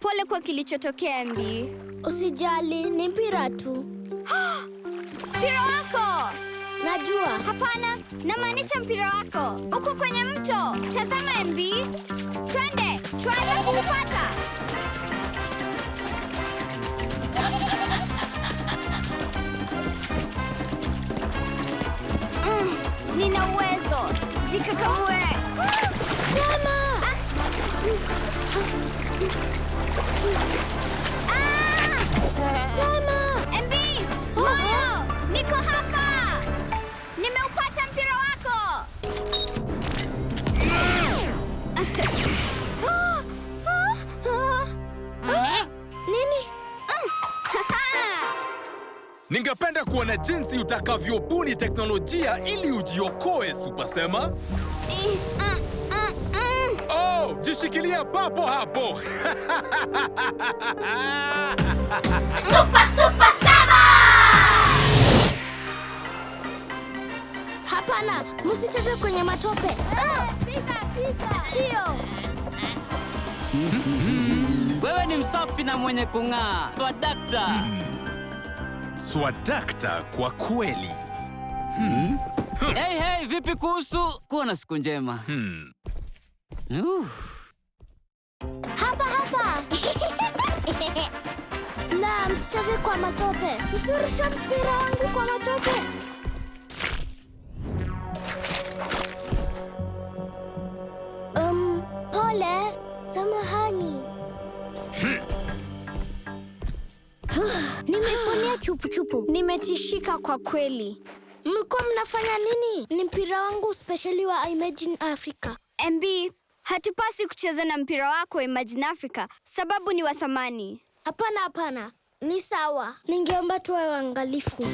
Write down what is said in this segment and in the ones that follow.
Pole kwa kilichotokea, MB. Usijali, ni mpira tu. Ah! Mpira wako! Najua. Hapana, namaanisha mpira wako. Uko kwenye mto. Tazama, MB. Twende, twaweza kuupata. Mm, nina uwezo. Jikakamue. Sama! Ah! Niko hapa! Nimeupata wako! Ningependa kuona jinsi utakavyobuni teknolojia ili ujiokoe, supasema mm, mm, mm, mm jishikilia papo hapo. Super, super saba! Hapana, msicheze kwenye matope. Eh, piga, piga. hiyo. Wewe ni msafi na mwenye kung'aa. Swadakta. Swadakta kwa kweli. Hmm. Hey, hey, vipi kuhusu kuwa na siku njema? Hmm. Hapa hapa. Na msicheze kwa matope. Msurusha mpira wangu kwa matope. Um, pole. Samahani. Nimeponea chupuchupu. Nimetishika kwa kweli. Mlikuwa mnafanya nini? Ni mpira wangu spesheli wa Imagine Africa. MB, Hatupasi kucheza na mpira wako Imagine Africa sababu ni wa thamani. Hapana, hapana, ni sawa. Ningeomba tuwe waangalifu.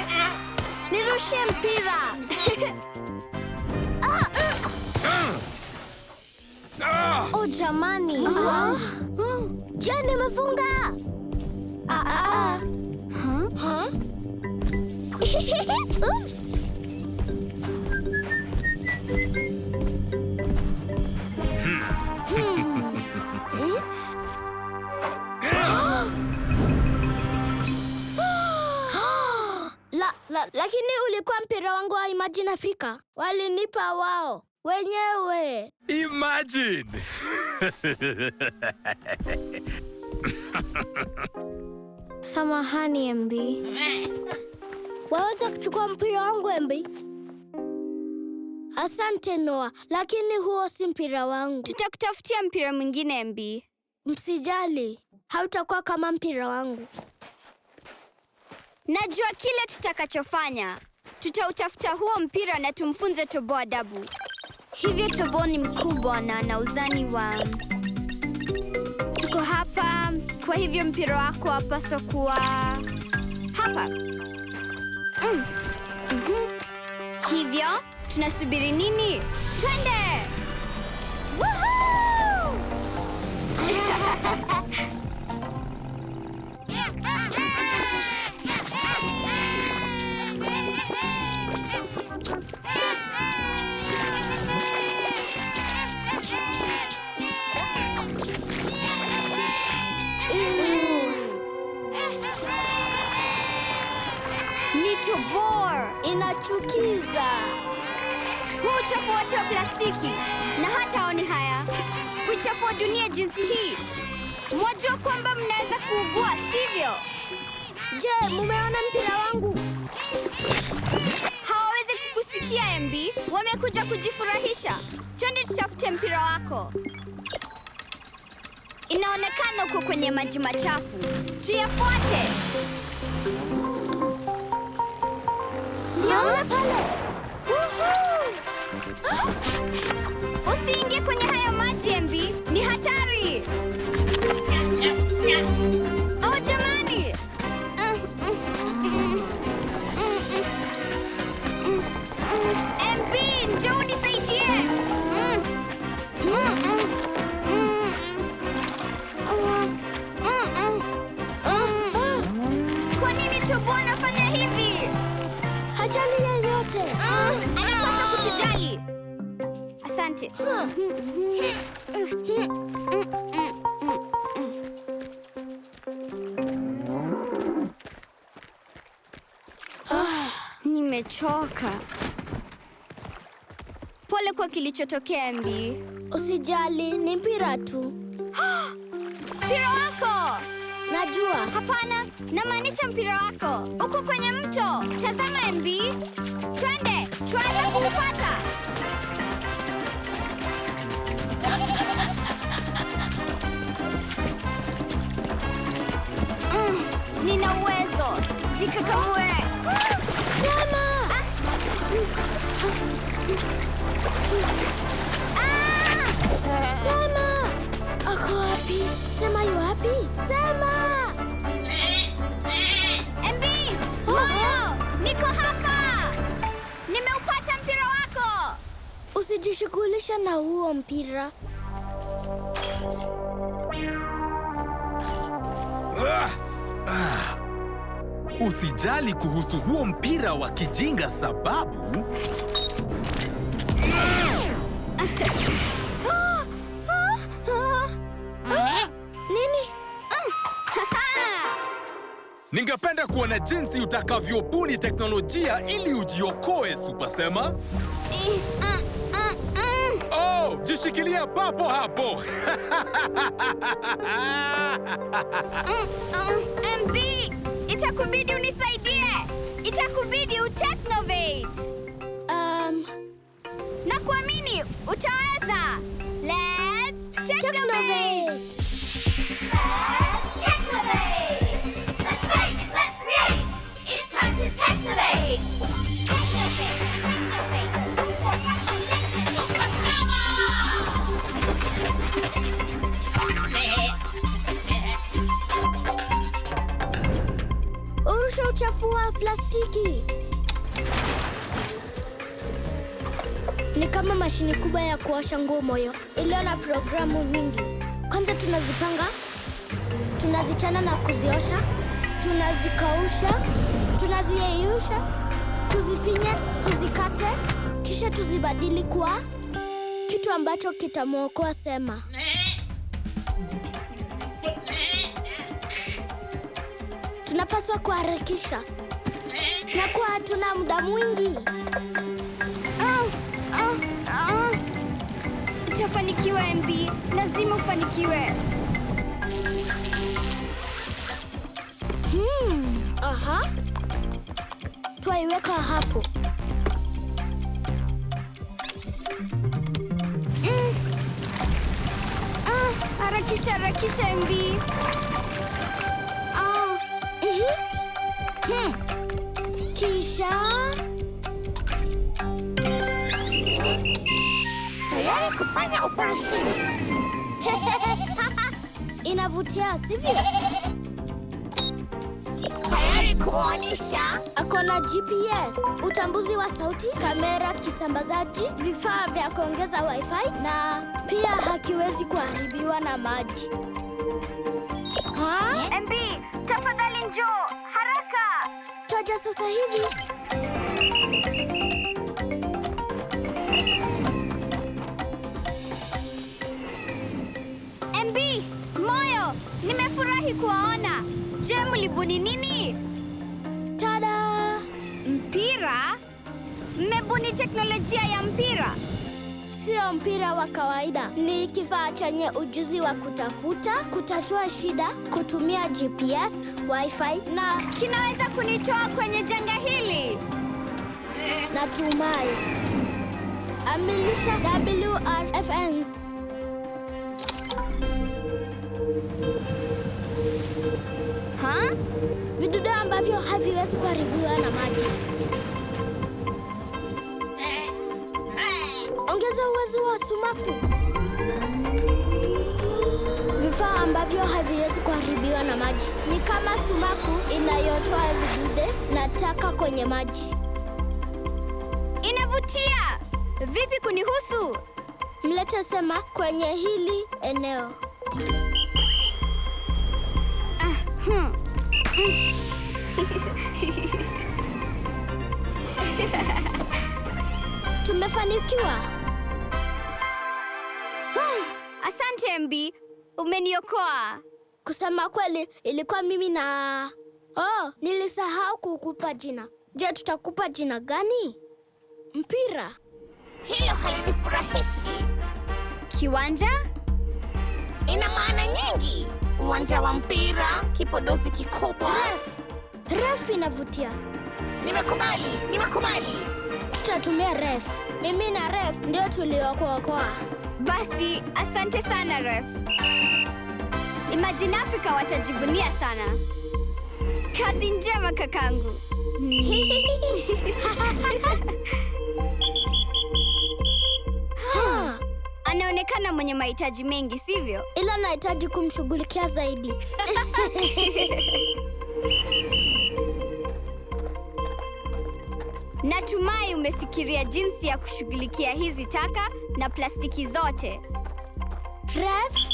Nirushie mpira. ah, uh. Ah! ah. Oh, jamani. Ah. ah. Hmm. nimefunga. Ah, ah, ah. Huh? Huh? Oops. lakini ulikuwa mpira wangu wa Imagine afrika walinipa wao wenyewe. Imagine samahani MB, waweza kuchukua mpira wangu MB? Asante Noa, lakini huo si mpira wangu. Tutakutafutia mpira mwingine MB. Msijali, hautakuwa kama mpira wangu. Najua kile tutakachofanya. Tutautafuta huo mpira na tumfunze toboa adabu. Hivyo Tobo ni mkubwa na ana uzani wa... Tuko hapa, kwa hivyo mpira wako wapaswa kuwa hapa. Mm. Mm -hmm. Hivyo tunasubiri nini? Twende! Woohoo! uchafu wote wa plastiki na hata oni haya kuchafua dunia jinsi hii. Mwajua kwamba mnaweza kuugua, sivyo? Je, mumeona mpira wangu? Hawawezi kukusikia MB, wamekuja kujifurahisha. Twende tutafute mpira wako. Inaonekana uko kwenye maji machafu, tuyafuate. Niona pale Tobo anafanya hivi, hajali yeyote. Mm. Ah, Anapasa kutujali. Asante. Hmm, hmm, hmm. Ah, nimechoka. Pole kwa kilichotokea, Mbi. Usijali, ni mpira tu. Ah, mpira wako! Najua. Hapana, namaanisha mpira wako. Uko kwenye mto. Tazama MB. Twende, twende kuupata. Mm, nina uwezo. Jikakamue. Sama! Ah. ah! Sama! Uko wapi? Sema yu wapi? Sema! MB! Moyo! Niko hapa! Nimeupata mpira wako! Usijishughulisha na huo mpira. Usijali kuhusu huo mpira wa kijinga sababu Ningependa kuona jinsi utakavyobuni teknolojia ili ujiokoe, Supasema. Mm, mm, mm, oh, jishikilia papo hapo. itakubidi unisaidia. plastiki. Ni kama mashini kubwa ya kuosha nguo moyo iliyo na programu nyingi. Kwanza tunazipanga, tunazichana na kuziosha, tunazikausha, tunaziyeyusha, tuzifinye, tuzikate, kisha tuzibadili kuwa kitu ambacho kitamwokoa Sema. Tunapaswa kuharakisha na kuwa hatuna muda mwingi. Ah, ah, ah. Utafanikiwa MB, lazima ufanikiwe. Hmm. Aha. Twaiweka hapo. Mm. Ah, harakisha harakisha MB. Ah. Mm-hmm. Hmm. kufanya operesheni. Inavutia, sivyo? Tayari kuonyesha. na GPS, utambuzi wa sauti, kamera, kisambazaji, vifaa vya kuongeza wifi na pia hakiwezi kuharibiwa na maji. Ha? MB, tafadhali njoo haraka. Toja sasa hivi. sijawahi Je, mlibuni nini? Tada! Mpira? Mmebuni teknolojia ya mpira? Sio mpira wa kawaida, ni kifaa chenye ujuzi wa kutafuta, kutatua shida, kutumia GPS, wifi na kinaweza kunitoa kwenye janga hili. Natumai aminisha WRFNs. haviwezi kuharibiwa na maji. Ongeza uwezo wa sumaku, vifaa ambavyo haviwezi kuharibiwa na maji ni kama sumaku inayotoa vidude na taka kwenye maji. Inavutia! Vipi kunihusu? Mlete Sema kwenye hili eneo. Ah, hmm. Tumefanikiwa. Asante MB, umeniokoa. Kusema kweli, ilikuwa mimi na... Oh, nilisahau kukupa jina. Je, tutakupa jina gani? Mpira. Hilo halinifurahishi. Kiwanja? Ina maana nyingi. Uwanja wa mpira, kipodozi kikubwa. Yes. Refu inavutia. Nimekubali, nimekubali. Tutatumia ref. Mimi na ref ndio tuliokuokoa. Basi, asante sana ref. Imagine Africa watajivunia sana. Kazi njema kakangu. Hmm. Anaonekana mwenye mahitaji mengi, sivyo? Ila nahitaji kumshughulikia zaidi. Natumai umefikiria jinsi ya kushughulikia hizi taka na plastiki zote. Ref?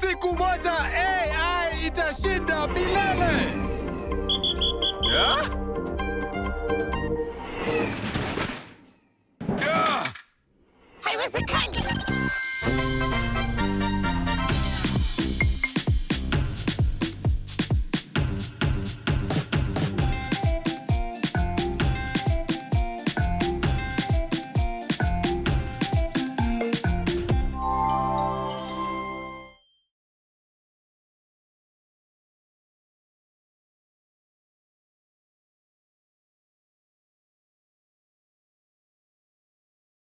Siku moja AI itashinda milele. Yeah?